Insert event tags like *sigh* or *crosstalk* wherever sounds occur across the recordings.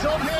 He's on here.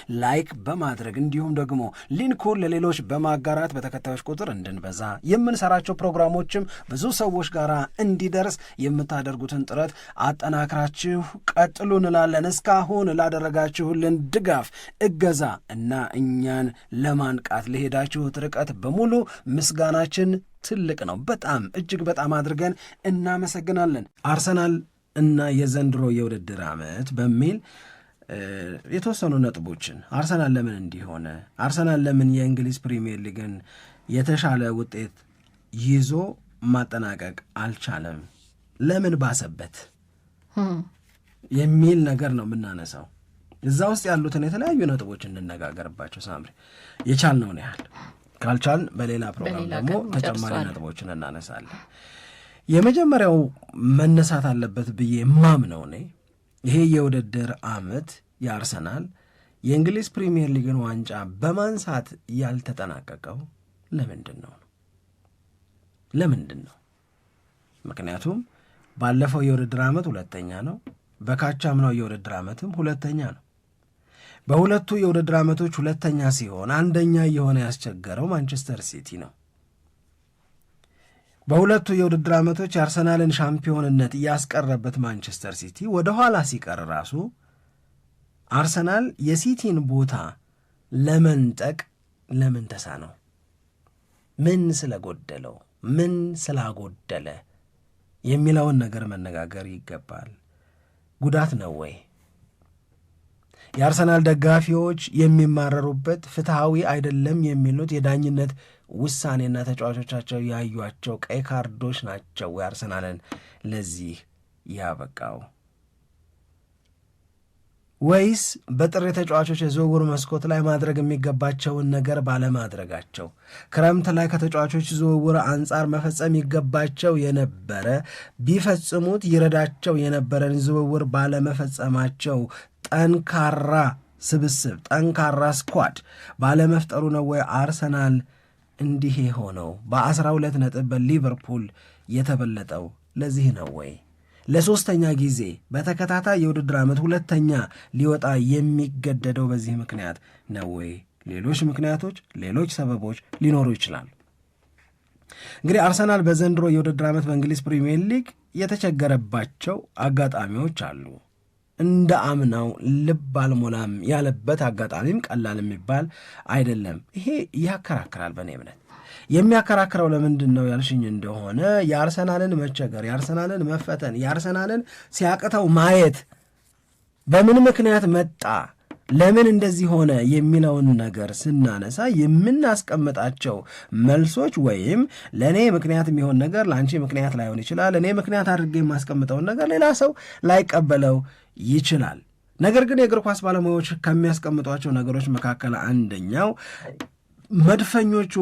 ላይክ በማድረግ እንዲሁም ደግሞ ሊንኩን ለሌሎች በማጋራት በተከታዮች ቁጥር እንድንበዛ የምንሰራቸው ፕሮግራሞችም ብዙ ሰዎች ጋር እንዲደርስ የምታደርጉትን ጥረት አጠናክራችሁ ቀጥሉ እንላለን። እስካሁን ላደረጋችሁልን ድጋፍ፣ እገዛ እና እኛን ለማንቃት ለሄዳችሁት ርቀት በሙሉ ምስጋናችን ትልቅ ነው። በጣም እጅግ በጣም አድርገን እናመሰግናለን። አርሰናል እና የዘንድሮ የውድድር ዓመት በሚል የተወሰኑ ነጥቦችን አርሰናል ለምን እንዲሆነ አርሰናል ለምን የእንግሊዝ ፕሪምየር ሊግን የተሻለ ውጤት ይዞ ማጠናቀቅ አልቻለም፣ ለምን ባሰበት የሚል ነገር ነው የምናነሳው። እዛ ውስጥ ያሉትን የተለያዩ ነጥቦች እንነጋገርባቸው። ሳምሪ የቻልነውን ያህል ካልቻልን በሌላ ፕሮግራም ደግሞ ተጨማሪ ነጥቦችን እናነሳለን። የመጀመሪያው መነሳት አለበት ብዬ ማምነው እኔ ይሄ የውድድር ዓመት የአርሰናል የእንግሊዝ ፕሪምየር ሊግን ዋንጫ በማንሳት ያልተጠናቀቀው ለምንድን ነው ነው ለምንድን ነው? ምክንያቱም ባለፈው የውድድር ዓመት ሁለተኛ ነው። በካቻምናው የውድድር ዓመትም ሁለተኛ ነው። በሁለቱ የውድድር ዓመቶች ሁለተኛ ሲሆን አንደኛ እየሆነ ያስቸገረው ማንቸስተር ሲቲ ነው። በሁለቱ የውድድር ዓመቶች የአርሰናልን ሻምፒዮንነት እያስቀረበት ማንቸስተር ሲቲ ወደ ኋላ ሲቀር ራሱ አርሰናል የሲቲን ቦታ ለመንጠቅ ለምን ተሳነው? ምን ስለጎደለው፣ ምን ስላጎደለ የሚለውን ነገር መነጋገር ይገባል። ጉዳት ነው ወይ? የአርሰናል ደጋፊዎች የሚማረሩበት ፍትሐዊ አይደለም የሚሉት የዳኝነት ውሳኔና ተጫዋቾቻቸው ያዩቸው ቀይ ካርዶች ናቸው የአርሰናልን ለዚህ ያበቃው። ወይስ በጥር ተጫዋቾች የዝውውር መስኮት ላይ ማድረግ የሚገባቸውን ነገር ባለማድረጋቸው ክረምት ላይ ከተጫዋቾች ዝውውር አንጻር መፈጸም ይገባቸው የነበረ ቢፈጽሙት ይረዳቸው የነበረን ዝውውር ባለመፈጸማቸው ጠንካራ ስብስብ ጠንካራ ስኳድ ባለመፍጠሩ ነው ወይ አርሰናል እንዲህ የሆነው በ12 ነጥብ በሊቨርፑል የተበለጠው? ለዚህ ነው ወይ ለሦስተኛ ጊዜ በተከታታይ የውድድር ዓመት ሁለተኛ ሊወጣ የሚገደደው? በዚህ ምክንያት ነው ወይ? ሌሎች ምክንያቶች፣ ሌሎች ሰበቦች ሊኖሩ ይችላሉ። እንግዲህ አርሰናል በዘንድሮ የውድድር ዓመት በእንግሊዝ ፕሪምየር ሊግ የተቸገረባቸው አጋጣሚዎች አሉ። እንደ አምናው ልብ አልሞላም ያለበት አጋጣሚም ቀላል የሚባል አይደለም። ይሄ ያከራክራል። በእኔ እምነት የሚያከራክረው ለምንድን ነው ያልሽኝ እንደሆነ የአርሰናልን መቸገር፣ የአርሰናልን መፈተን፣ የአርሰናልን ሲያቅተው ማየት በምን ምክንያት መጣ ለምን እንደዚህ ሆነ የሚለውን ነገር ስናነሳ የምናስቀምጣቸው መልሶች ወይም ለእኔ ምክንያት የሚሆን ነገር ለአንቺ ምክንያት ላይሆን ይችላል። እኔ ምክንያት አድርጌ የማስቀምጠውን ነገር ሌላ ሰው ላይቀበለው ይችላል። ነገር ግን የእግር ኳስ ባለሙያዎች ከሚያስቀምጧቸው ነገሮች መካከል አንደኛው መድፈኞቹ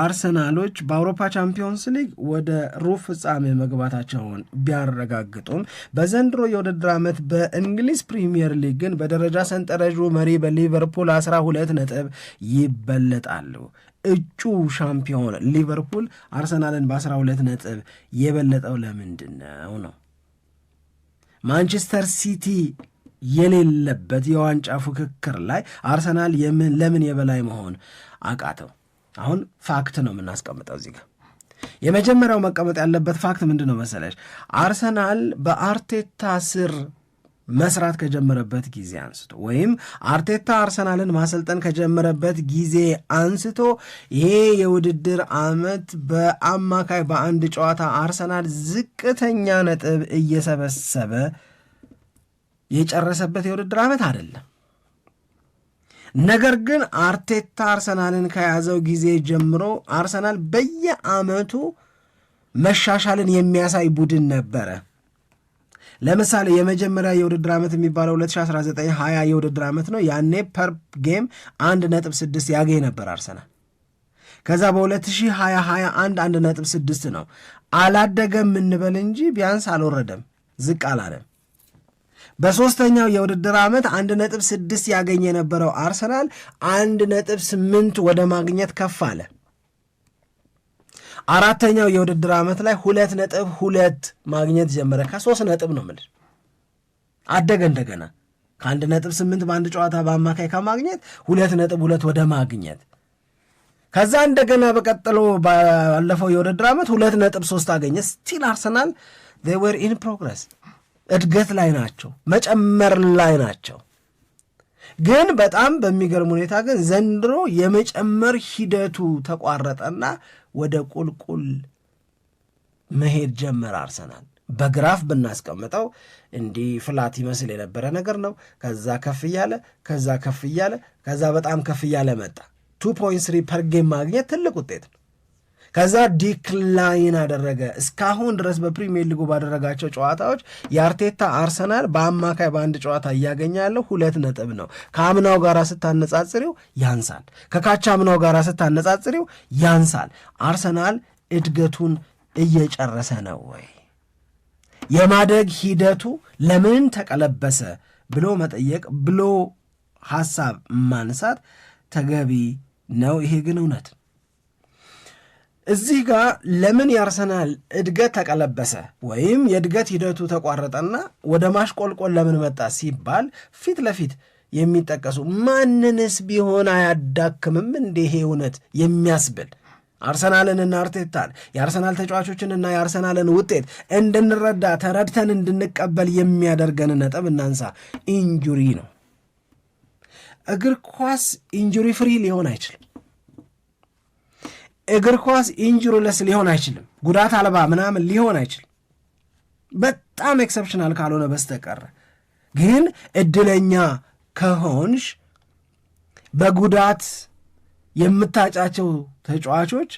አርሰናሎች በአውሮፓ ቻምፒዮንስ ሊግ ወደ ሩብ ፍጻሜ መግባታቸውን ቢያረጋግጡም በዘንድሮ የውድድር ዓመት በእንግሊዝ ፕሪምየር ሊግ ግን በደረጃ ሰንጠረዡ መሪ በሊቨርፑል 12 ነጥብ ይበለጣሉ። እጩ ሻምፒዮን ሊቨርፑል አርሰናልን በ12 ነጥብ የበለጠው ለምንድን ነው ነው ማንቸስተር ሲቲ የሌለበት የዋንጫ ፉክክር ላይ አርሰናል የምን ለምን የበላይ መሆን አቃተው? አሁን ፋክት ነው የምናስቀምጠው እዚህ ጋር። የመጀመሪያው መቀመጥ ያለበት ፋክት ምንድን ነው አርሰናል በአርቴታ ስር መስራት ከጀመረበት ጊዜ አንስቶ ወይም አርቴታ አርሰናልን ማሰልጠን ከጀመረበት ጊዜ አንስቶ ይሄ የውድድር ዓመት በአማካይ በአንድ ጨዋታ አርሰናል ዝቅተኛ ነጥብ እየሰበሰበ የጨረሰበት የውድድር ዓመት አይደለም። ነገር ግን አርቴታ አርሰናልን ከያዘው ጊዜ ጀምሮ አርሰናል በየዓመቱ መሻሻልን የሚያሳይ ቡድን ነበረ። ለምሳሌ የመጀመሪያ የውድድር ዓመት የሚባለው 2019/20 የውድድር ዓመት ነው። ያኔ ፐር ጌም 1.6 ያገኝ ነበር አርሰናል። ከዛ በ2020/21 1.6 ነው። አላደገም እንበል እንጂ ቢያንስ አልወረደም፣ ዝቅ አላለም። በሶስተኛው የውድድር ዓመት 1.6 ያገኝ የነበረው አርሰናል 1.8 ወደ ማግኘት ከፍ አለ። አራተኛው የውድድር ዓመት ላይ ሁለት ነጥብ ሁለት ማግኘት ጀመረ። ከሶስት ነጥብ ነው ምድር አደገ እንደገና ከአንድ ነጥብ ስምንት በአንድ ጨዋታ በአማካይ ከማግኘት ሁለት ነጥብ ሁለት ወደ ማግኘት ከዛ እንደገና በቀጥሎ ባለፈው የውድድር ዓመት ሁለት ነጥብ ሶስት አገኘ። ስቲል አርሰናል ዌር ኢን ፕሮግረስ እድገት ላይ ናቸው፣ መጨመር ላይ ናቸው። ግን በጣም በሚገርም ሁኔታ ግን ዘንድሮ የመጨመር ሂደቱ ተቋረጠና ወደ ቁልቁል መሄድ ጀመረ አርሰናል። በግራፍ ብናስቀምጠው እንዲህ ፍላት ይመስል የነበረ ነገር ነው። ከዛ ከፍ እያለ ከዛ ከፍ እያለ ከዛ በጣም ከፍ እያለ መጣ። ቱ ፖይንት ስሪ ፐር ጌም ማግኘት ትልቅ ውጤት ነው። ከዛ ዲክላይን አደረገ። እስካሁን ድረስ በፕሪሚየር ሊጉ ባደረጋቸው ጨዋታዎች የአርቴታ አርሰናል በአማካይ በአንድ ጨዋታ እያገኘ ያለው ሁለት ነጥብ ነው። ከአምናው ጋር ስታነጻጽሪው ያንሳል። ከካቻ አምናው ጋር ስታነጻጽሪው ያንሳል። አርሰናል እድገቱን እየጨረሰ ነው ወይ? የማደግ ሂደቱ ለምን ተቀለበሰ ብሎ መጠየቅ ብሎ ሀሳብ ማንሳት ተገቢ ነው። ይሄ ግን እውነት እዚህ ጋር ለምን የአርሰናል እድገት ተቀለበሰ ወይም የእድገት ሂደቱ ተቋረጠና ወደ ማሽቆልቆል ለምን መጣ ሲባል ፊት ለፊት የሚጠቀሱ ማንንስ ቢሆን አያዳክምም እንዲህ ይሄ እውነት የሚያስብል አርሰናልንና አርቴታን የአርሰናል ተጫዋቾችንና የአርሰናልን ውጤት እንድንረዳ ተረድተን እንድንቀበል የሚያደርገን ነጥብ እናንሳ። ኢንጁሪ ነው። እግር ኳስ ኢንጁሪ ፍሪ ሊሆን አይችልም። እግር ኳስ ኢንጁሪለስ ሊሆን አይችልም፣ ጉዳት አልባ ምናምን ሊሆን አይችልም በጣም ኤክሰፕሽናል ካልሆነ በስተቀር። ግን እድለኛ ከሆንሽ በጉዳት የምታጫቸው ተጫዋቾች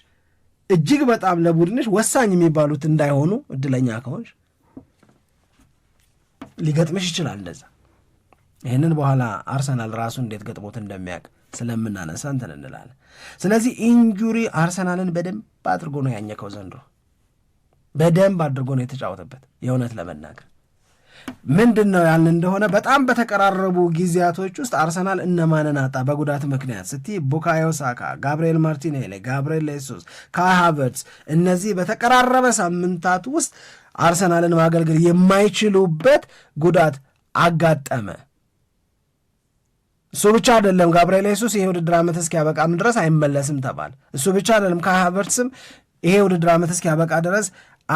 እጅግ በጣም ለቡድንሽ ወሳኝ የሚባሉት እንዳይሆኑ እድለኛ ከሆንሽ ሊገጥምሽ ይችላል እንደዛ። ይህንን በኋላ አርሰናል ራሱ እንዴት ገጥሞት እንደሚያውቅ ስለምናነሳ እንትን እንላለን። ስለዚህ ኢንጁሪ አርሰናልን በደንብ አድርጎ ነው ያኘከው ዘንድሮ በደንብ አድርጎ ነው የተጫወተበት። የእውነት ለመናገር ምንድን ነው ያን እንደሆነ በጣም በተቀራረቡ ጊዜያቶች ውስጥ አርሰናል እነማንን አጣ በጉዳት ምክንያት ስቲ ቡካዮ ሳካ፣ ጋብርኤል ማርቲኔሊ፣ ጋብርኤል ሌሱስ፣ ካይ ሃቨርትዝ እነዚህ በተቀራረበ ሳምንታት ውስጥ አርሰናልን ማገልገል የማይችሉበት ጉዳት አጋጠመ። እሱ ብቻ አይደለም። ጋብርኤል ሱስ ይሄ ውድድር ዓመት እስኪያበቃም ድረስ አይመለስም ተባለ። እሱ ብቻ አይደለም። ካይ ሃቨርትስም ይሄ ውድድር ዓመት እስኪያበቃ ድረስ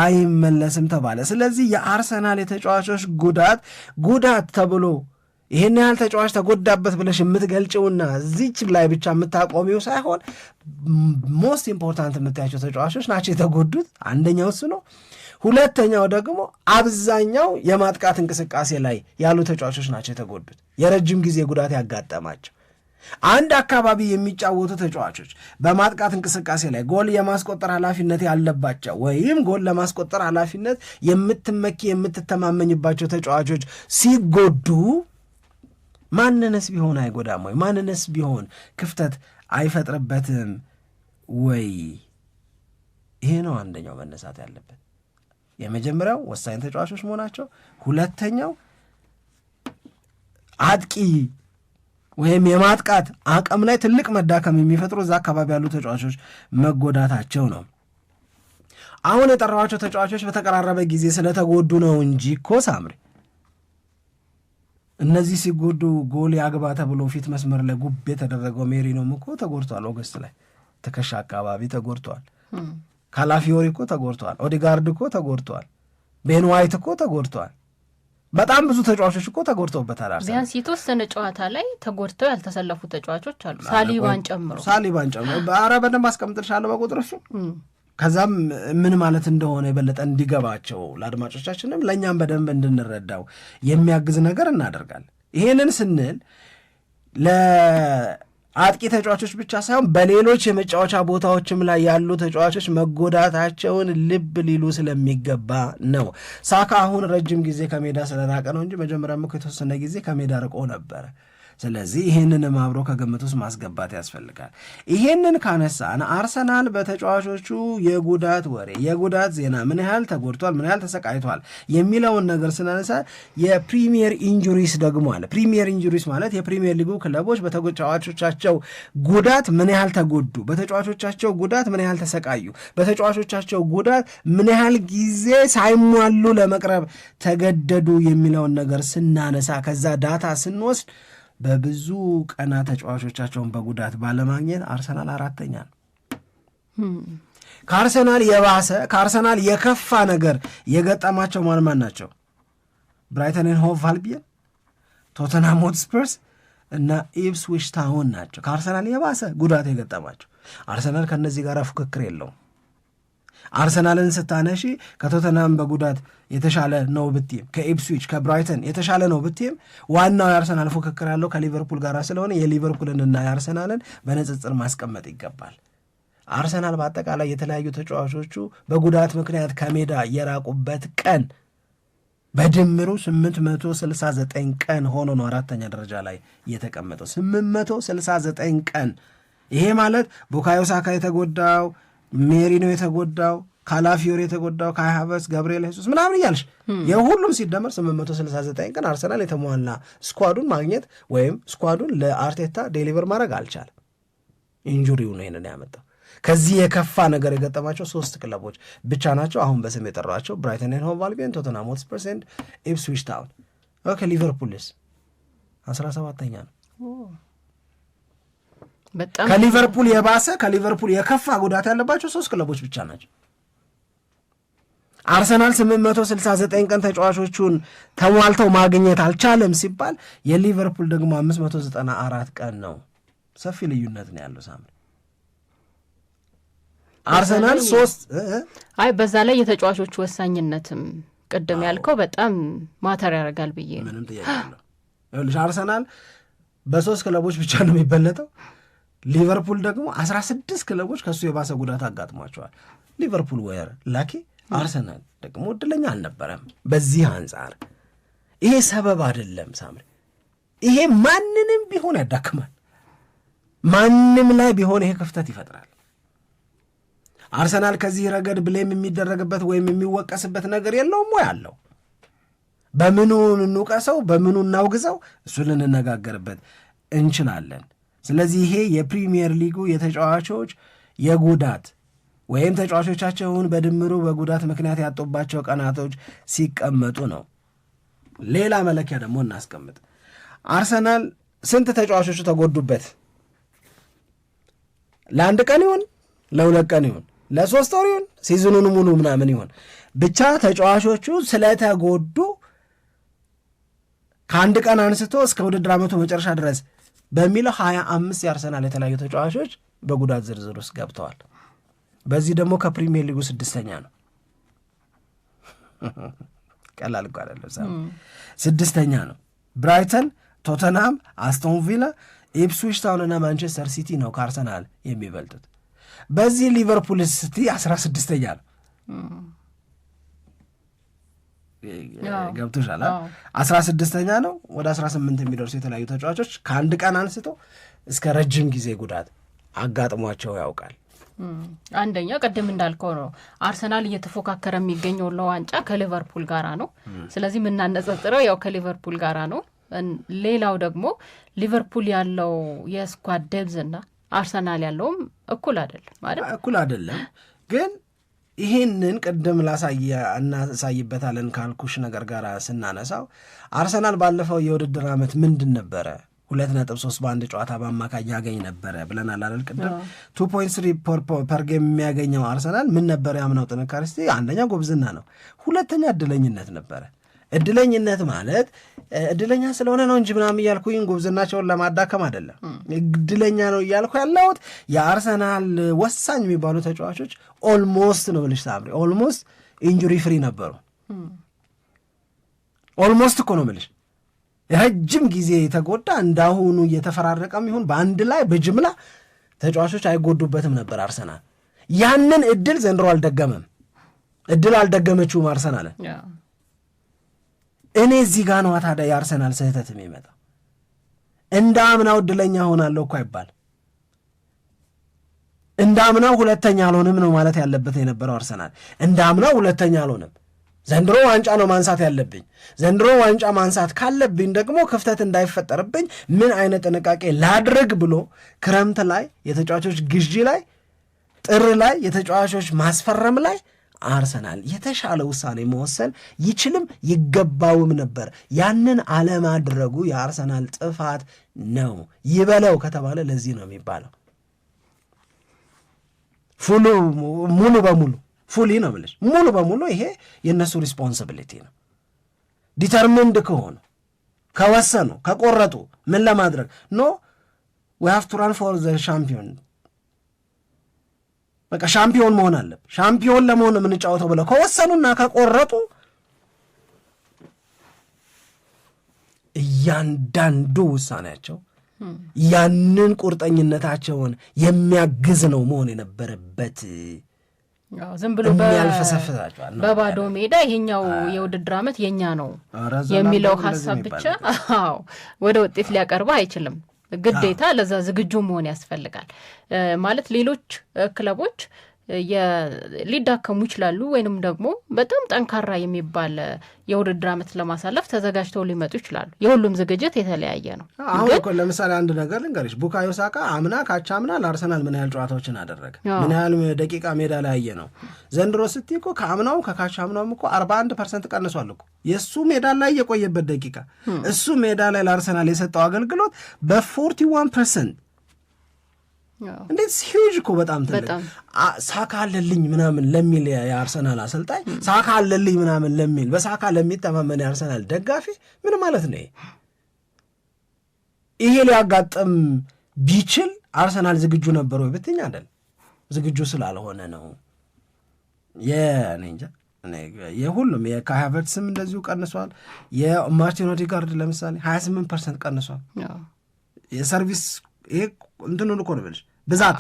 አይመለስም ተባለ። ስለዚህ የአርሰናል የተጫዋቾች ጉዳት ጉዳት ተብሎ ይህን ያህል ተጫዋች ተጎዳበት ብለሽ የምትገልጭውና እዚች ላይ ብቻ የምታቆሚው ሳይሆን ሞስት ኢምፖርታንት የምታያቸው ተጫዋቾች ናቸው የተጎዱት። አንደኛው እሱ ነው። ሁለተኛው ደግሞ አብዛኛው የማጥቃት እንቅስቃሴ ላይ ያሉ ተጫዋቾች ናቸው የተጎዱት፣ የረጅም ጊዜ ጉዳት ያጋጠማቸው። አንድ አካባቢ የሚጫወቱ ተጫዋቾች በማጥቃት እንቅስቃሴ ላይ ጎል የማስቆጠር ኃላፊነት ያለባቸው ወይም ጎል ለማስቆጠር ኃላፊነት የምትመኪ የምትተማመኝባቸው ተጫዋቾች ሲጎዱ ማንነስ ቢሆን አይጎዳም ወይ? ማንነስ ቢሆን ክፍተት አይፈጥርበትም ወይ? ይሄ ነው አንደኛው መነሳት ያለበት። የመጀመሪያው ወሳኝ ተጫዋቾች መሆናቸው፣ ሁለተኛው አጥቂ ወይም የማጥቃት አቅም ላይ ትልቅ መዳከም የሚፈጥሩ እዛ አካባቢ ያሉ ተጫዋቾች መጎዳታቸው ነው። አሁን የጠራኋቸው ተጫዋቾች በተቀራረበ ጊዜ ስለተጎዱ ነው እንጂ እኮ ሳምሪ እነዚህ ሲጎዱ ጎል ያግባ ተብሎ ፊት መስመር ላይ ጉብ የተደረገው ሜሪኖም እኮ ተጎድቷል። ኦገስት ላይ ትከሻ አካባቢ ተጎድቷል። ካላፊዮሪ እኮ ተጎድተዋል። ኦዲጋርድ እኮ ተጎድተዋል። ቤን ዋይት እኮ ተጎድተዋል። በጣም ብዙ ተጫዋቾች እኮ ተጎድተውበታል። ቢያንስ የተወሰነ ጨዋታ ላይ ተጎድተው ያልተሰለፉ ተጫዋቾች አሉ፣ ሳሊባን ጨምሮ ሳሊባን ጨምሮ። ኧረ በደንብ አስቀምጥልሻለሁ በቁጥር እሱ ከዛም ምን ማለት እንደሆነ የበለጠ እንዲገባቸው ለአድማጮቻችንም ለእኛም በደንብ እንድንረዳው የሚያግዝ ነገር እናደርጋለን። ይሄንን ስንል አጥቂ ተጫዋቾች ብቻ ሳይሆን በሌሎች የመጫወቻ ቦታዎችም ላይ ያሉ ተጫዋቾች መጎዳታቸውን ልብ ሊሉ ስለሚገባ ነው። ሳካ አሁን ረጅም ጊዜ ከሜዳ ስለራቀ ነው እንጂ መጀመሪያም እኮ የተወሰነ ጊዜ ከሜዳ ርቆ ነበረ። ስለዚህ ይህንንም አብሮ ከግምት ውስጥ ማስገባት ያስፈልጋል። ይሄንን ካነሳን አርሰናል በተጫዋቾቹ የጉዳት ወሬ፣ የጉዳት ዜና ምን ያህል ተጎድቷል፣ ምን ያህል ተሰቃይቷል የሚለውን ነገር ስናነሳ የፕሪሚየር ኢንጁሪስ ደግሞ አለ። ፕሪሚየር ኢንጁሪስ ማለት የፕሪሚየር ሊጉ ክለቦች በተጫዋቾቻቸው ጉዳት ምን ያህል ተጎዱ፣ በተጫዋቾቻቸው ጉዳት ምን ያህል ተሰቃዩ፣ በተጫዋቾቻቸው ጉዳት ምን ያህል ጊዜ ሳይሟሉ ለመቅረብ ተገደዱ የሚለውን ነገር ስናነሳ ከዛ ዳታ ስንወስድ በብዙ ቀናት ተጫዋቾቻቸውን በጉዳት ባለማግኘት አርሰናል አራተኛ ነው። ከአርሰናል የባሰ ከአርሰናል የከፋ ነገር የገጠማቸው ማንማን ናቸው? ብራይተንን ሆቭ አልቢየን፣ ቶተንሃም ሆትስፐርስ እና ኢፕስዊች ታውን ናቸው። ከአርሰናል የባሰ ጉዳት የገጠማቸው አርሰናል ከእነዚህ ጋር ፉክክር የለውም። አርሰናልን ስታነሺ ከቶተንሃም በጉዳት የተሻለ ነው ብትም ከኢፕስዊች ከብራይተን የተሻለ ነው ብትም ዋናው የአርሰናል ፉክክር ያለው ከሊቨርፑል ጋር ስለሆነ የሊቨርፑልንና የአርሰናልን በንጽጽር ማስቀመጥ ይገባል። አርሰናል በአጠቃላይ የተለያዩ ተጫዋቾቹ በጉዳት ምክንያት ከሜዳ የራቁበት ቀን በድምሩ 869 ቀን ሆኖ ነው አራተኛ ደረጃ ላይ የተቀመጠው። 869 ቀን። ይሄ ማለት ቡካዮ ሳካ የተጎዳው ሜሪ ነው የተጎዳው ካላፊዮር የተጎዳው ካይ ሃቨርትዝ፣ ገብርኤል ሄሱስ ምናምን እያልሽ የሁሉም hmm. ሲደመር 869 ቀን አርሰናል የተሟላ ስኳዱን ማግኘት ወይም ስኳዱን ለአርቴታ ዴሊቨር ማድረግ አልቻለም። ኢንጁሪው ነው ይንን ያመጣው። ከዚህ የከፋ ነገር የገጠማቸው ሶስት ክለቦች ብቻ ናቸው አሁን በስም የጠሯቸው፣ ብራይተን ኤንድ ሆቭ አልቢዮን፣ ቶተንሃም ሆትስፐርስ፣ ኢፕስዊች ታውን። ኦኬ ሊቨርፑልስ 17ኛ ነው። ከሊቨርፑል የባሰ ከሊቨርፑል የከፋ ጉዳት ያለባቸው ሶስት ክለቦች ብቻ ናቸው። አርሰናል 869 ቀን ተጫዋቾቹን ተሟልተው ማግኘት አልቻለም ሲባል የሊቨርፑል ደግሞ 594 ቀን ነው። ሰፊ ልዩነት ነው ያለው ሳምሪ አርሰናል ሶስት አይ በዛ ላይ የተጫዋቾች ወሳኝነትም ቅድም ያልከው በጣም ማተር ያደርጋል ብዬ ምንም ጥያቄ አርሰናል በሶስት ክለቦች ብቻ ነው የሚበለጠው። ሊቨርፑል ደግሞ አስራ ስድስት ክለቦች ከእሱ የባሰ ጉዳት አጋጥሟቸዋል። ሊቨርፑል ወየር ላኪ፣ አርሰናል ደግሞ እድለኛ አልነበረም። በዚህ አንጻር ይሄ ሰበብ አይደለም ሳምሪ፣ ይሄ ማንንም ቢሆን ያዳክማል። ማንም ላይ ቢሆን ይሄ ክፍተት ይፈጥራል። አርሰናል ከዚህ ረገድ ብሌም የሚደረግበት ወይም የሚወቀስበት ነገር የለውም ወይ አለው? በምኑ እንውቀሰው፣ በምኑ እናውግዘው? እሱ ልንነጋገርበት እንችላለን። ስለዚህ ይሄ የፕሪሚየር ሊጉ የተጫዋቾች የጉዳት ወይም ተጫዋቾቻቸውን በድምሩ በጉዳት ምክንያት ያጡባቸው ቀናቶች ሲቀመጡ ነው። ሌላ መለኪያ ደግሞ እናስቀምጥ። አርሰናል ስንት ተጫዋቾቹ ተጎዱበት? ለአንድ ቀን ይሆን ለሁለት ቀን ይሆን ለሶስት ወር ይሆን ሲዝኑን ሙሉ ምናምን ይሆን ብቻ ተጫዋቾቹ ስለተጎዱ ከአንድ ቀን አንስቶ እስከ ውድድር ዓመቱ መጨረሻ ድረስ በሚለው ሀያ አምስት የአርሰናል የተለያዩ ተጫዋቾች በጉዳት ዝርዝር ውስጥ ገብተዋል። በዚህ ደግሞ ከፕሪሚየር ሊጉ ስድስተኛ ነው። *laughs* ቀላል እኮ አይደለም፣ ስድስተኛ ነው። ብራይተን፣ ቶተንሃም፣ አስቶን ቪላ፣ ኢፕስዊች ታውንና ማንቸስተር ሲቲ ነው ከአርሰናል የሚበልጡት። በዚህ ሊቨርፑል ሲቲ አስራ ስድስተኛ ነው። ገብቶሻል። አስራ ስድስተኛ ነው ወደ አስራ ስምንት የሚደርሱ የተለያዩ ተጫዋቾች ከአንድ ቀን አንስቶ እስከ ረጅም ጊዜ ጉዳት አጋጥሟቸው ያውቃል። አንደኛ ቅድም እንዳልከው ነው አርሰናል እየተፎካከረ የሚገኘው ለዋንጫ ከሊቨርፑል ጋራ ነው። ስለዚህ የምናነጻጽረው ያው ከሊቨርፑል ጋራ ነው። ሌላው ደግሞ ሊቨርፑል ያለው የስኳድ ደብዝና አርሰናል ያለውም እኩል አይደለም ማለት እኩል አይደለም ግን ይሄንን ቅድም ላሳየ እናሳይበታለን ካልኩሽ ነገር ጋር ስናነሳው አርሰናል ባለፈው የውድድር ዓመት ምንድን ነበረ? ሁለት ነጥብ ሶስት በአንድ ጨዋታ በአማካኝ ያገኝ ነበረ ብለናል አይደል? ቅድም ቱ ፖይንት ስሪ ፐርጌም የሚያገኘው አርሰናል ምን ነበረ? ያምናው ጥንካሬ አንደኛ ጎብዝና ነው፣ ሁለተኛ እድለኝነት ነበረ። እድለኝነት ማለት እድለኛ ስለሆነ ነው እንጂ ምናምን እያልኩኝ ጉብዝናቸውን ለማዳከም አይደለም። እድለኛ ነው እያልኩ ያለሁት የአርሰናል ወሳኝ የሚባሉ ተጫዋቾች ኦልሞስት ነው ብልሽ ሳምሪ፣ ኦልሞስት ኢንጁሪ ፍሪ ነበሩ። ኦልሞስት እኮ ነው ብልሽ ረጅም ጊዜ የተጎዳ እንዳሁኑ እየተፈራረቀም ይሁን በአንድ ላይ በጅምላ ተጫዋቾች አይጎዱበትም ነበር አርሰናል። ያንን እድል ዘንድሮ አልደገመም። እድል አልደገመችውም አርሰናልን እኔ እዚህ ጋ ነዋ ታዲያ የአርሰናል ስህተት የሚመጣው። እንደ አምናው እድለኛ ሆናለሁ እኮ አይባል። እንደ አምናው ሁለተኛ አልሆንም ነው ማለት ያለበት የነበረው አርሰናል። እንደ አምናው ሁለተኛ አልሆንም፣ ዘንድሮ ዋንጫ ነው ማንሳት ያለብኝ። ዘንድሮ ዋንጫ ማንሳት ካለብኝ ደግሞ ክፍተት እንዳይፈጠርብኝ ምን አይነት ጥንቃቄ ላድርግ ብሎ ክረምት ላይ የተጫዋቾች ግዢ ላይ፣ ጥር ላይ የተጫዋቾች ማስፈረም ላይ አርሰናል የተሻለ ውሳኔ መወሰን ይችልም ይገባውም ነበር። ያንን አለማድረጉ የአርሰናል ጥፋት ነው ይበለው ከተባለ ለዚህ ነው የሚባለው። ፉሉ ሙሉ በሙሉ ፉሊ ነው የምልሽ፣ ሙሉ በሙሉ ይሄ የእነሱ ሪስፖንሲቢሊቲ ነው። ዲተርሚንድ ከሆኑ ከወሰኑ ከቆረጡ ምን ለማድረግ ኖ ዊ ሃቭ ቱ ራን ፎር ዘ ሻምፒዮን በቃ ሻምፒዮን መሆን አለብ ሻምፒዮን ለመሆን የምንጫወተው ብለው ከወሰኑና ከቆረጡ እያንዳንዱ ውሳኔያቸው ያንን ቁርጠኝነታቸውን የሚያግዝ ነው መሆን የነበረበት። ዝም ብሎ በባዶ ሜዳ ይሄኛው የውድድር ዓመት የኛ ነው የሚለው ሀሳብ ብቻ ወደ ውጤት ሊያቀርበ አይችልም። ግዴታ ለዛ ዝግጁ መሆን ያስፈልጋል ማለት ሌሎች ክለቦች ሊዳከሙ ይችላሉ ወይንም ደግሞ በጣም ጠንካራ የሚባል የውድድር ዓመት ለማሳለፍ ተዘጋጅተው ሊመጡ ይችላሉ። የሁሉም ዝግጅት የተለያየ ነው። አሁን ለምሳሌ አንድ ነገር ልንገርሽ፣ ቡካዮ ሳካ አምና ካቻምና ለአርሰናል ምን ያህል ጨዋታዎችን አደረገ? ምን ያህል ደቂቃ ሜዳ ላይ ያየ ነው? ዘንድሮ ስትይ እኮ ከአምናው አምናውም እኮ አርባ አንድ ፐርሰንት ቀንሷል እኮ የእሱ ሜዳ ላይ የቆየበት ደቂቃ እሱ ሜዳ ላይ ለአርሰናል የሰጠው አገልግሎት በፎርቲ ዋን ፐርሰንት እንዴት ሲዩጅ እኮ በጣም ትልቅ ሳካ አለልኝ ምናምን ለሚል የአርሰናል አሰልጣኝ ሳካ አለልኝ ምናምን ለሚል በሳካ ለሚተማመን የአርሰናል ደጋፊ ምን ማለት ነው? ይሄ ሊያጋጥም ቢችል አርሰናል ዝግጁ ነበር ወይ ብትኝ አይደል፣ ዝግጁ ስላልሆነ ነው። የኔንጃ የሁሉም የካሃቨርትስም እንደዚሁ ቀንሷል። የማርቲን ኦዴጋርድ ለምሳሌ 28 ፐርሰንት ቀንሷል። የሰርቪስ ይሄ እንትን እኮ ነው ብልሽ ብዛት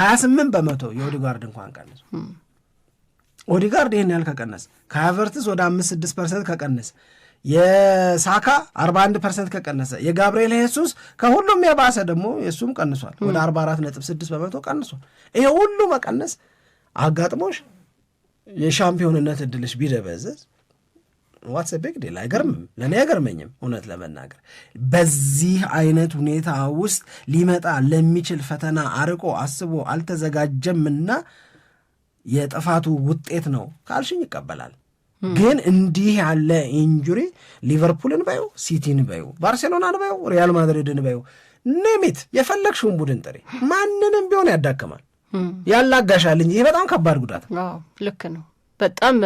ሀያ ስምንት በመቶ የኦዲጋርድ እንኳን ቀንሱ ኦዲጋርድ ይህን ያህል ከቀነስ ከሀቨርትስ ወደ አምስት ስድስት ፐርሰንት ከቀነስ የሳካ አርባ አንድ ፐርሰንት ከቀነሰ የጋብርኤል ሄሱስ ከሁሉም የባሰ ደግሞ የእሱም ቀንሷል ወደ አርባ አራት ነጥብ ስድስት በመቶ ቀንሷል። ይሄ ሁሉ መቀነስ አጋጥሞሽ የሻምፒዮንነት እድልሽ ቢደበዝዝ ዋትስ ቢግ ዲል አይገርምም። ለእኔ አይገርመኝም እውነት ለመናገር በዚህ አይነት ሁኔታ ውስጥ ሊመጣ ለሚችል ፈተና አርቆ አስቦ አልተዘጋጀምና የጥፋቱ ውጤት ነው ካልሽኝ ይቀበላል። ግን እንዲህ ያለ ኢንጁሪ ሊቨርፑልን በዩ፣ ሲቲን በዩ፣ ባርሴሎናን በዩ፣ ሪያል ማድሪድን በዩ ኔሚት የፈለግሽውን ቡድን ጥሪ ማንንም ቢሆን ያዳክማል፣ ያላጋሻል እንጂ ይህ በጣም ከባድ ጉዳት ልክ ነው። በጣም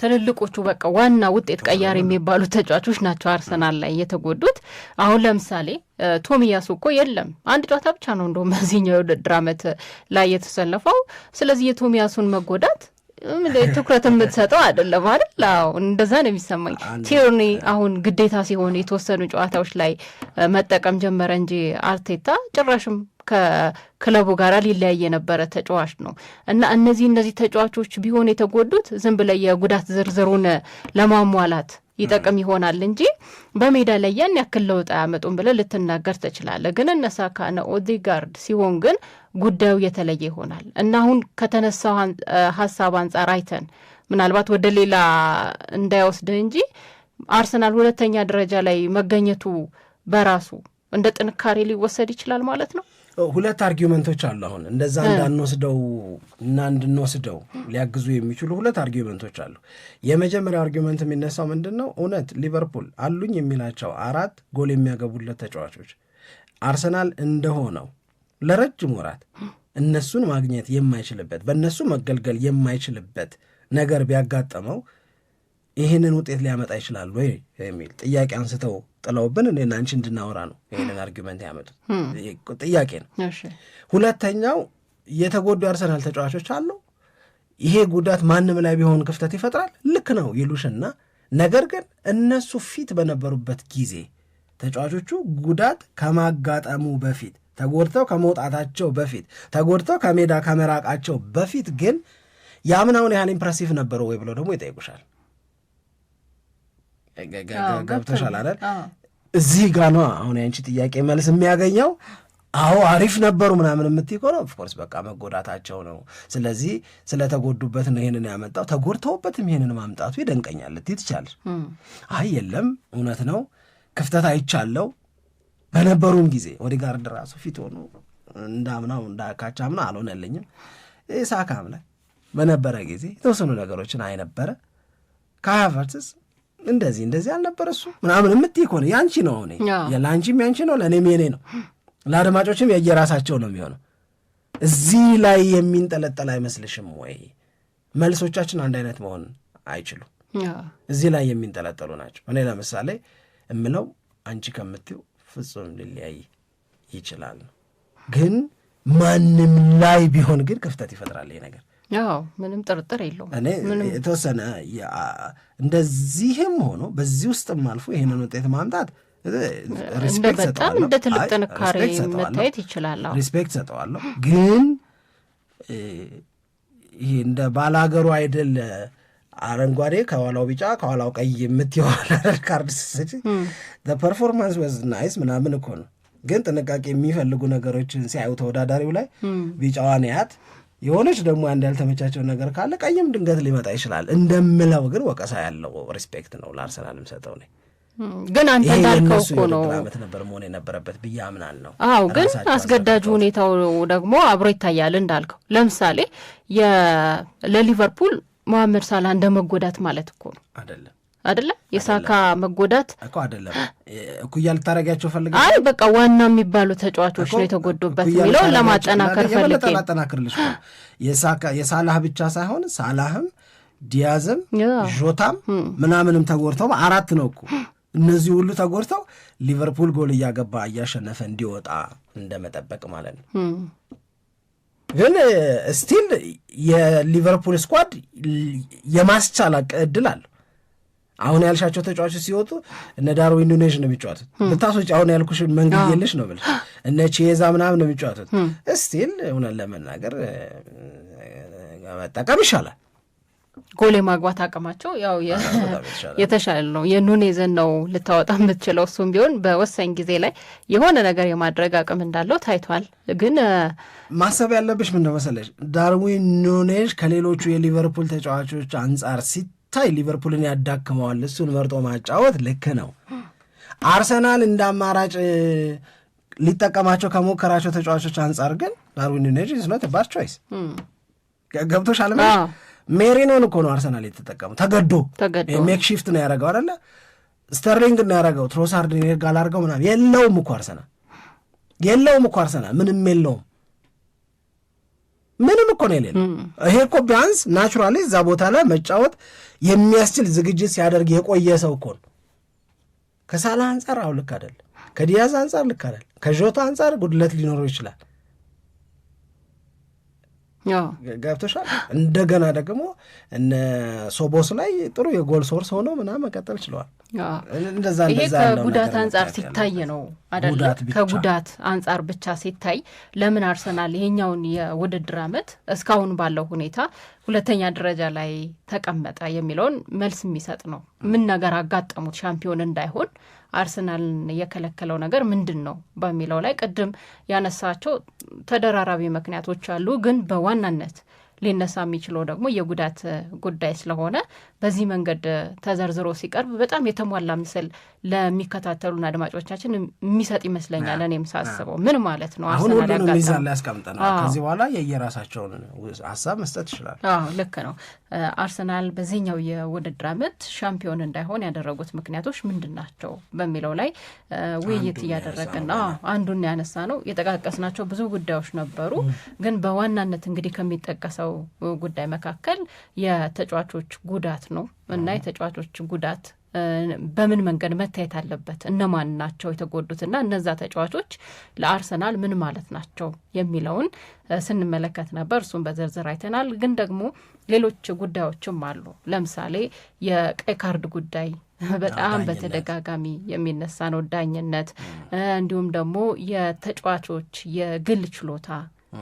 ትልልቆቹ በቃ ዋና ውጤት ቀያሪ የሚባሉ ተጫዋቾች ናቸው አርሰናል ላይ የተጎዱት። አሁን ለምሳሌ ቶሚያሱ እኮ የለም አንድ ጨዋታ ብቻ ነው እንደውም *laughs* በዚህኛው የውድድር ዓመት ላይ የተሰለፈው። ስለዚህ የቶሚያሱን መጎዳት ትኩረት የምትሰጠው አይደለም አይደል? አዎ እንደዛ ነው የሚሰማኝ። ቲርኒ አሁን ግዴታ ሲሆን የተወሰኑ ጨዋታዎች ላይ መጠቀም ጀመረ እንጂ አርቴታ ጭራሽም ከክለቡ ጋር ሊለያይ የነበረ ተጫዋች ነው እና እነዚህ እነዚህ ተጫዋቾች ቢሆን የተጎዱት ዝም ብለ የጉዳት ዝርዝሩን ለማሟላት ይጠቅም ይሆናል እንጂ በሜዳ ላይ ያን ያክል ለውጥ አያመጡም ብለ ልትናገር ትችላለህ። ግን እነ ሳካ እነ ኦዴጋርድ ሲሆን ግን ጉዳዩ የተለየ ይሆናል እና አሁን ከተነሳው ሀሳብ አንጻር አይተን ምናልባት ወደ ሌላ እንዳይወስድህ እንጂ አርሰናል ሁለተኛ ደረጃ ላይ መገኘቱ በራሱ እንደ ጥንካሬ ሊወሰድ ይችላል ማለት ነው። ሁለት አርጊመንቶች አሉ። አሁን እንደዛ እንዳንወስደው እና እንድንወስደው ሊያግዙ የሚችሉ ሁለት አርጊመንቶች አሉ። የመጀመሪያ አርጊመንት የሚነሳው ምንድን ነው? እውነት ሊቨርፑል አሉኝ የሚላቸው አራት ጎል የሚያገቡለት ተጫዋቾች አርሰናል እንደሆነው ለረጅም ወራት እነሱን ማግኘት የማይችልበት በእነሱ መገልገል የማይችልበት ነገር ቢያጋጠመው ይህንን ውጤት ሊያመጣ ይችላል ወይ የሚል ጥያቄ አንስተው ጥለውብን እኔና አንቺ እንድናወራ ነው ይህንን አርጊመንት ያመጡት። ጥያቄ ነው። ሁለተኛው የተጎዱ አርሰናል ተጫዋቾች አሉ። ይሄ ጉዳት ማንም ላይ ቢሆን ክፍተት ይፈጥራል። ልክ ነው ይሉሽና ነገር ግን እነሱ ፊት በነበሩበት ጊዜ ተጫዋቾቹ ጉዳት ከማጋጠሙ በፊት ተጎድተው ከመውጣታቸው በፊት ተጎድተው ከሜዳ ከመራቃቸው በፊት ግን የአምናውን ያህል ኢምፕረሲቭ ነበረው ወይ ብለው ደግሞ ይጠይቁሻል። ገብተሻል አይደል? እዚህ ጋ ነው አሁን ያንቺ ጥያቄ መልስ የሚያገኘው። አዎ አሪፍ ነበሩ ምናምን የምትይ ከሆነ ኦፍኮርስ በቃ መጎዳታቸው ነው። ስለዚህ ስለተጎዱበት ነው ይህንን ያመጣው። ተጎድተውበትም ይህንን ማምጣቱ ይደንቀኛል ልትይ ትቻለሽ። አይ የለም እውነት ነው ክፍተት አይቻለው። በነበሩም ጊዜ ወደ ጋር ራሱ ፊት ሆኑ እንዳምናው እንዳካቻ እንዳካቻምና አልሆነልኝም። ሳካም ላይ በነበረ ጊዜ የተወሰኑ ነገሮችን አይነበረ ከሀያ እንደዚህ እንደዚህ አልነበረ እሱ ምናምን የምትይ ከሆነ ያንቺ ነው እኔ ለአንቺም ያንቺ ነው ለእኔም የኔ ነው ለአድማጮችም የየራሳቸው ነው የሚሆነው እዚህ ላይ የሚንጠለጠል አይመስልሽም ወይ መልሶቻችን አንድ አይነት መሆን አይችሉም እዚህ ላይ የሚንጠለጠሉ ናቸው እኔ ለምሳሌ እምለው አንቺ ከምትይው ፍጹም ሊለያይ ይችላል ግን ማንም ላይ ቢሆን ግን ክፍተት ይፈጥራል ይሄ ነገር ያው ምንም ጥርጥር የለውም። እኔ የተወሰነ እንደዚህም ሆኖ በዚህ ውስጥም አልፎ ይህንን ውጤት ማምጣት በጣም እንደ ትልቅ ጥንካሬ መታየት ይችላል። ሪስፔክት ሰጠዋለሁ። ግን ይህ እንደ ባላገሩ አይደል አረንጓዴ ከኋላው ቢጫ ከኋላው ቀይ የምትሆን *laughs* ካርድ ስጭ ፐርፎርማንስ ወዝ ናይስ ምናምን እኮ ነው። ግን ጥንቃቄ የሚፈልጉ ነገሮችን ሲያዩ ተወዳዳሪው ላይ ቢጫዋን ያት የሆነች ደግሞ አንድ ያልተመቻቸው ነገር ካለ ቀይም ድንገት ሊመጣ ይችላል። እንደምለው ግን ወቀሳ ያለው ሪስፔክት ነው ለአርሰናል የምሰጠው ነ ግን አንተ እንዳልከው እኮ ነው ዓመት ነበር መሆን የነበረበት ብዬ አምናለሁ። አዎ ግን አስገዳጅ ሁኔታው ደግሞ አብሮ ይታያል እንዳልከው። ለምሳሌ ለሊቨርፑል መሐመድ ሳላ እንደ መጎዳት ማለት እኮ ነው አይደለም አደለ የሳካ መጎዳት እኮ አደለም እኩያ ልታረጊያቸው ፈልገ አይ በቃ ዋና የሚባሉ ተጫዋቾች ነው የተጎዱበት የሚለው ለማጠናከር ፈልጌ ላጠናክርልሽ የሳላህ ብቻ ሳይሆን ሳላህም ዲያዝም ዦታም ምናምንም ተጎድተው አራት ነው እኮ እነዚህ ሁሉ ተጎድተው ሊቨርፑል ጎል እያገባ እያሸነፈ እንዲወጣ እንደመጠበቅ ማለት ነው። ግን ስቲል የሊቨርፑል ስኳድ የማስቻል እድል አለው። አሁን ያልሻቸው ተጫዋቾች ሲወጡ እነ ዳርዊን ኑኔዝ ነው የሚጫወቱት። ብታሶች አሁን ያልኩሽ መንገድ የለሽ ነው ብለሽ እነ ቼዛ ምናምን ነው የሚጫወቱት። እስቲል እውነት ለመናገር መጠቀም ይሻላል። ጎል የማግባት አቅማቸው ያው የተሻለ ነው። የኑኔዝን ነው ልታወጣ የምትችለው። እሱም ቢሆን በወሳኝ ጊዜ ላይ የሆነ ነገር የማድረግ አቅም እንዳለው ታይቷል። ግን ማሰብ ያለብሽ ምን ነው መሰለሽ ዳርዊን ኑኔዝ ከሌሎቹ የሊቨርፑል ተጫዋቾች አንጻር ሲት ሲታይ ሊቨርፑልን ያዳክመዋል። እሱን መርጦ ማጫወት ልክ ነው። አርሰናል እንደ አማራጭ ሊጠቀማቸው ከሞከራቸው ተጫዋቾች አንጻር ግን ዳርዊን ኑኔዝ ኖት ባድ ቾይስ። ገብቶሻል? ሜሪኖን እኮ ነው አርሰናል የተጠቀመው ተገዶ ሜክሺፍት ነው ያደረገው አለ ስተርሊንግ ነው ያደረገው ትሮሳርድ ጋር አድርገው ምናምን የለውም እኮ አርሰናል የለውም እኮ አርሰናል ምንም የለውም ምንም እኮ ነው የሌለ። ይሄ እኮ ቢያንስ ናቹራሊ እዛ ቦታ ላይ መጫወት የሚያስችል ዝግጅት ሲያደርግ የቆየ ሰው እኮ ነው። ከሳላ አንጻር አሁ ልክ አይደለም፣ ከዲያዝ አንጻር ልክ አይደለም፣ ከዦታ አንጻር ጉድለት ሊኖረው ይችላል። ገብተሻል። እንደገና ደግሞ እነ ሶቦስ ላይ ጥሩ የጎል ሶርስ ሆነው ምናምን መቀጠል ችለዋል። ይሄ ከጉዳት አንጻር ሲታይ ነው አደለ? ከጉዳት አንጻር ብቻ ሲታይ ለምን አርሰናል ይሄኛውን የውድድር ዓመት እስካሁን ባለው ሁኔታ ሁለተኛ ደረጃ ላይ ተቀመጠ የሚለውን መልስ የሚሰጥ ነው። ምን ነገር አጋጠሙት ሻምፒዮን እንዳይሆን አርሰናልን የከለከለው ነገር ምንድን ነው በሚለው ላይ ቅድም ያነሳቸው ተደራራቢ ምክንያቶች አሉ ግን በዋናነት ሊነሳ የሚችለው ደግሞ የጉዳት ጉዳይ ስለሆነ በዚህ መንገድ ተዘርዝሮ ሲቀርብ በጣም የተሟላ ምስል ለሚከታተሉን አድማጮቻችን የሚሰጥ ይመስለኛል። እኔም ሳስበው ምን ማለት ነው አሁን ሁሉንም ሚዛን ላይ ያስቀምጠናል። ከዚህ በኋላ የየራሳቸውን ሀሳብ መስጠት ይችላል። ልክ ነው። አርሰናል በዚህኛው የውድድር ዓመት ሻምፒዮን እንዳይሆን ያደረጉት ምክንያቶች ምንድን ናቸው በሚለው ላይ ውይይት እያደረግን አንዱን ያነሳ ነው የጠቃቀስናቸው ብዙ ጉዳዮች ነበሩ፣ ግን በዋናነት እንግዲህ ከሚጠቀሰው ካነሳው ጉዳይ መካከል የተጫዋቾች ጉዳት ነው እና የተጫዋቾች ጉዳት በምን መንገድ መታየት አለበት፣ እነማን ናቸው የተጎዱትና እነዛ ተጫዋቾች ለአርሰናል ምን ማለት ናቸው የሚለውን ስንመለከት ነበር። እሱም በዝርዝር አይተናል። ግን ደግሞ ሌሎች ጉዳዮችም አሉ። ለምሳሌ የቀይ ካርድ ጉዳይ በጣም በተደጋጋሚ የሚነሳ ነው። ዳኝነት፣ እንዲሁም ደግሞ የተጫዋቾች የግል ችሎታ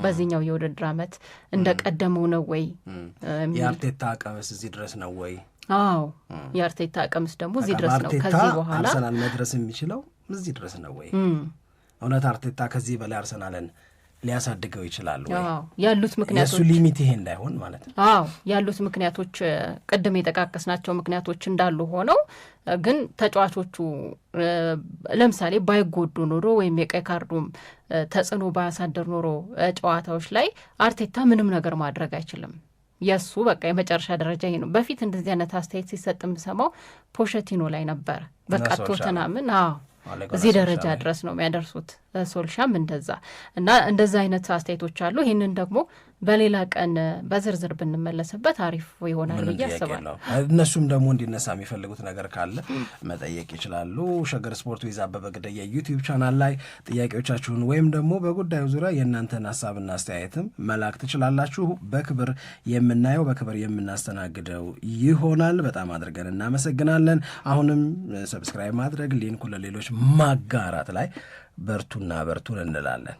በዚህኛው የውድድር ዓመት እንደ ቀደመው ነው ወይ? የአርቴታ አቀምስ እዚህ ድረስ ነው ወይ? አዎ የአርቴታ አቀምስ ደግሞ እዚህ ድረስ ነው። ከዚህ በኋላ አርሰናል መድረስ የሚችለው እዚህ ድረስ ነው ወይ? እውነት አርቴታ ከዚህ በላይ አርሰናልን ሊያሳድገው ይችላሉ ያሉት ምክንያቶች የእሱ ሊሚት ይሄ እንዳይሆን ማለት ነው። አዎ ያሉት ምክንያቶች ቅድም የጠቃቀስናቸው ምክንያቶች እንዳሉ ሆነው ግን ተጫዋቾቹ ለምሳሌ ባይጎዱ ኑሮ ወይም የቀይ ካርዱም ተጽዕኖ ባያሳደር ኖሮ ጨዋታዎች ላይ አርቴታ ምንም ነገር ማድረግ አይችልም። የእሱ በቃ የመጨረሻ ደረጃ ይሄ ነው። በፊት እንደዚህ አይነት አስተያየት ሲሰጥ የምሰማው ፖሸቲኖ ላይ ነበር። በቃ ቶተናምን እዚህ ደረጃ ድረስ ነው የሚያደርሱት ሶልሻም እንደዛ እና እንደዛ አይነት አስተያየቶች አሉ። ይህንን ደግሞ በሌላ ቀን በዝርዝር ብንመለስበት አሪፍ ይሆናል ብዬ አስባለሁ። እነሱም ደግሞ እንዲነሳ የሚፈልጉት ነገር ካለ መጠየቅ ይችላሉ። ሸገር ስፖርት ዊዝ አበበ ግደይ የዩቲዩብ ቻናል ላይ ጥያቄዎቻችሁን ወይም ደግሞ በጉዳዩ ዙሪያ የእናንተን ሀሳብና አስተያየትም መላክ ትችላላችሁ። በክብር የምናየው በክብር የምናስተናግደው ይሆናል። በጣም አድርገን እናመሰግናለን። አሁንም ሰብስክራይብ ማድረግ ሊንኩ ለሌሎች ማጋራት ላይ በርቱና በርቱን እንላለን።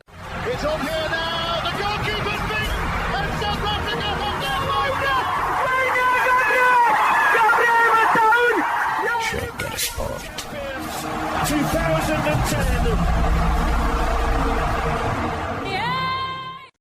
ሸገር ስፖርት